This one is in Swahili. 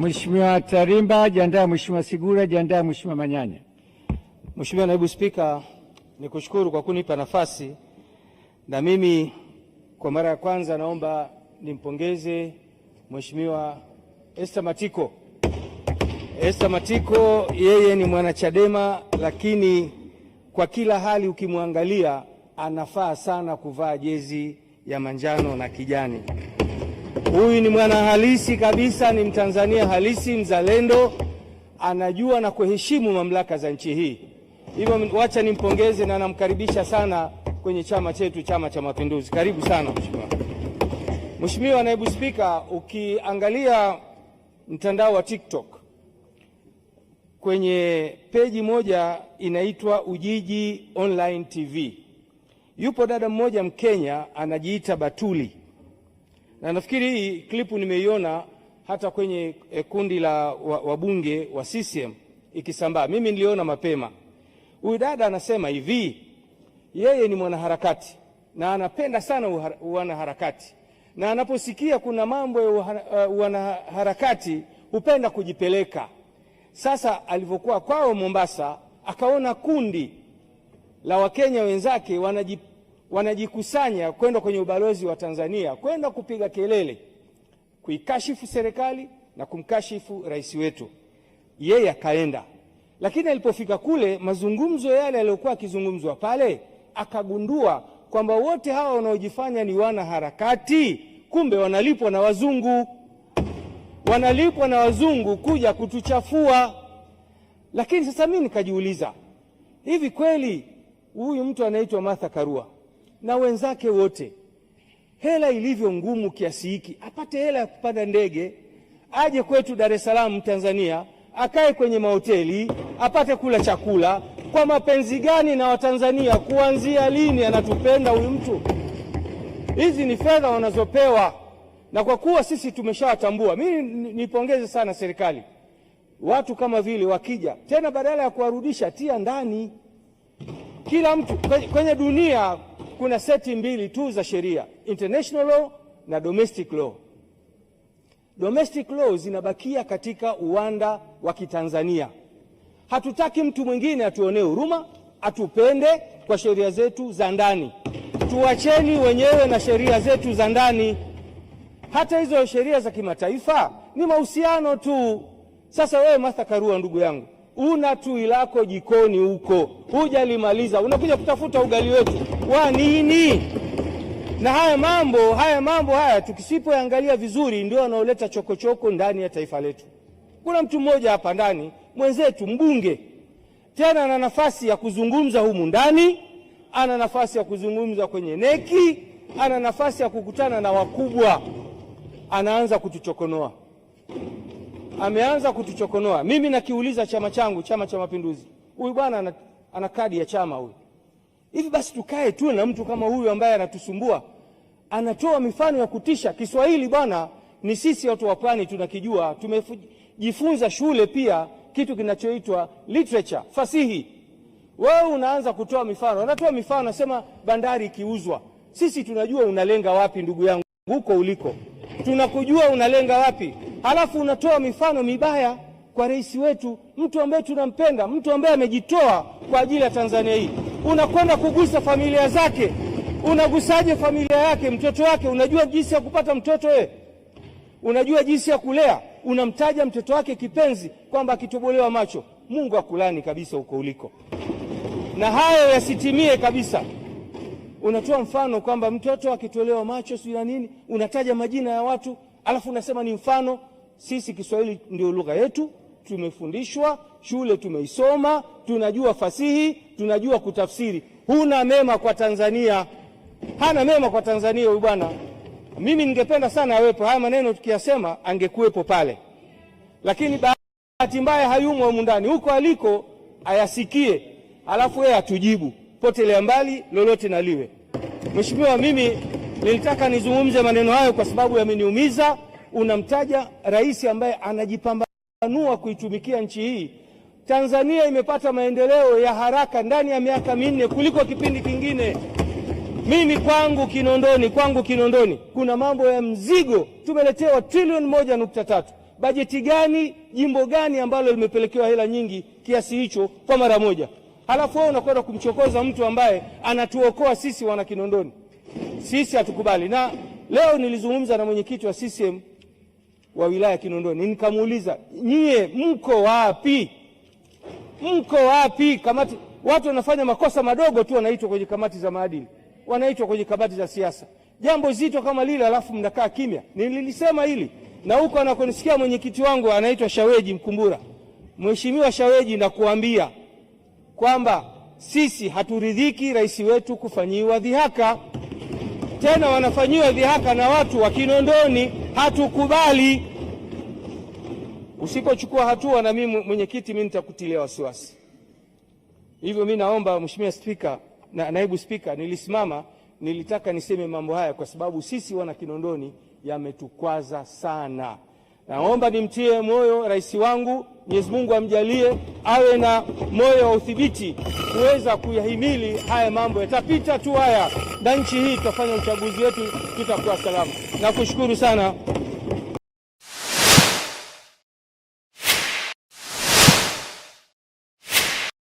Mheshimiwa Tarimba, jiandae Mheshimiwa Sigura, jiandae Mheshimiwa Manyanya. Mheshimiwa Naibu Spika, nikushukuru kwa kunipa nafasi, na mimi kwa mara ya kwanza naomba nimpongeze Mheshimiwa Esther Matiko. Esther Matiko yeye ni mwanachadema, lakini kwa kila hali ukimwangalia anafaa sana kuvaa jezi ya manjano na kijani. Huyu ni mwana halisi kabisa, ni Mtanzania halisi, mzalendo, anajua na kuheshimu mamlaka za nchi hii. Hivyo wacha nimpongeze na namkaribisha sana kwenye chama chetu, Chama cha Mapinduzi. Karibu sana mheshimiwa. Mheshimiwa Naibu Spika, ukiangalia mtandao wa TikTok kwenye peji moja inaitwa Ujiji Online TV, yupo dada mmoja Mkenya anajiita Batuli na nafikiri hii klipu nimeiona hata kwenye eh, kundi la wabunge wa CCM ikisambaa. Mimi niliona mapema. Huyu dada anasema hivi, yeye ni mwanaharakati na anapenda sana wanaharakati, na anaposikia kuna mambo ya eh, wanaharakati hupenda kujipeleka. Sasa alivyokuwa kwao Mombasa, akaona kundi la Wakenya wenzake wanaji wanajikusanya kwenda kwenye ubalozi wa Tanzania kwenda kupiga kelele kuikashifu serikali na kumkashifu rais wetu. Yeye akaenda, lakini alipofika kule, mazungumzo yale yaliyokuwa akizungumzwa pale, akagundua kwamba wote hawa wanaojifanya ni wana harakati kumbe wanalipwa na wazungu, wanalipwa na wazungu kuja kutuchafua. Lakini sasa mimi nikajiuliza, hivi kweli huyu mtu anaitwa Martha Karua na wenzake wote, hela ilivyo ngumu kiasi hiki, apate hela ya kupanda ndege aje kwetu Dar es Salaam Tanzania, akae kwenye mahoteli apate kula chakula. Kwa mapenzi gani na Watanzania? Kuanzia lini anatupenda huyu mtu? Hizi ni fedha wanazopewa, na kwa kuwa sisi tumeshawatambua, mimi nipongeze sana serikali. Watu kama vile wakija tena, badala ya kuwarudisha, tia ndani kila mtu kwenye dunia kuna seti mbili tu za sheria, international law na domestic law. Domestic law zinabakia katika uwanda wa Kitanzania. Hatutaki mtu mwingine atuonee huruma, atupende kwa sheria zetu za ndani. Tuacheni wenyewe na sheria zetu za ndani. Hata hizo sheria za kimataifa ni mahusiano tu. Sasa wewe Martha Karua, ndugu yangu, una tui lako jikoni huko, hujalimaliza, unakuja kutafuta ugali wetu kwa nini? Na haya mambo haya mambo haya tukisipoangalia vizuri, ndio wanaoleta chokochoko ndani ya taifa letu. Kuna mtu mmoja hapa ndani mwenzetu, mbunge tena, ana nafasi ya kuzungumza humu ndani, ana nafasi ya kuzungumza kwenye neki, ana nafasi ya kukutana na wakubwa, anaanza kutuchokonoa ameanza kutuchokonoa. Mimi nakiuliza chama changu, Chama cha Mapinduzi, huyu bwana ana kadi ya chama huyu Hivi basi tukae tuwe na mtu kama huyu ambaye anatusumbua, anatoa mifano ya kutisha. Kiswahili bwana, ni sisi watu wa pwani tunakijua, tumejifunza shule pia kitu kinachoitwa literature, fasihi. Wewe unaanza kutoa mifano, anatoa mifano, anasema bandari ikiuzwa. Sisi tunajua unalenga wapi, ndugu yangu, huko uliko tunakujua unalenga wapi, halafu unatoa mifano mibaya kwa rais wetu, mtu ambaye tunampenda, mtu ambaye amejitoa kwa ajili ya Tanzania hii unakwenda kugusa familia zake. Unagusaje familia yake, mtoto wake? Unajua jinsi ya kupata mtoto wewe? Unajua jinsi ya kulea? Unamtaja mtoto wake kipenzi kwamba akitobolewa macho Mungu akulani kabisa huko uliko, na hayo yasitimie kabisa. Unatoa mfano kwamba mtoto akitolewa macho sijui na nini, unataja majina ya watu alafu unasema ni mfano. Sisi Kiswahili ndio lugha yetu, tumefundishwa shule, tumeisoma, tunajua fasihi, tunajua kutafsiri. Huna mema kwa Tanzania, hana mema kwa Tanzania huyu bwana. Mimi ningependa sana awepo, haya maneno tukiyasema angekuwepo pale, lakini bahati mbaya hayumo humu ndani, huko aliko ayasikie, alafu yeye atujibu potelea mbali, lolote na liwe. Mheshimiwa, mimi nilitaka nizungumze maneno hayo kwa sababu yameniumiza. Unamtaja rais ambaye anajipamba anua kuitumikia nchi hii. Tanzania imepata maendeleo ya haraka ndani ya miaka minne kuliko kipindi kingine. Mimi kwangu Kinondoni, kwangu Kinondoni kuna mambo ya mzigo. Tumeletewa trilioni moja nukta tatu. Bajeti gani, jimbo gani ambalo limepelekewa hela nyingi kiasi hicho kwa mara moja? Halafu wewe unakwenda kumchokoza mtu ambaye anatuokoa sisi wana Kinondoni. Sisi hatukubali, na leo nilizungumza na mwenyekiti wa CCM wa wilaya Kinondoni, nikamuuliza nyie, mko wapi? Mko wapi kamati? Watu wanafanya makosa madogo tu, wanaitwa kwenye kamati za maadili, wanaitwa kwenye kamati za siasa, jambo zito kama lile, alafu mnakaa kimya. Nililisema hili na huko anakonisikia mwenyekiti wangu anaitwa Shaweji Mkumbura. Mheshimiwa Shaweji, nakuambia kwamba sisi haturidhiki rais wetu kufanyiwa dhihaka, tena wanafanyiwa dhihaka na watu wa Kinondoni hatukubali. Usipochukua hatua, na mimi mwenyekiti, mimi nitakutilia wasiwasi. Hivyo mimi naomba Mheshimiwa Spika na naibu Spika, nilisimama nilitaka niseme mambo haya kwa sababu sisi wana Kinondoni yametukwaza sana. Naomba nimtie moyo rais wangu, Mwenyezi Mungu amjalie awe na moyo wa udhibiti kuweza kuyahimili haya mambo. Yatapita tu haya, na nchi hii tutafanya uchaguzi wetu, tutakuwa salama. Nakushukuru sana.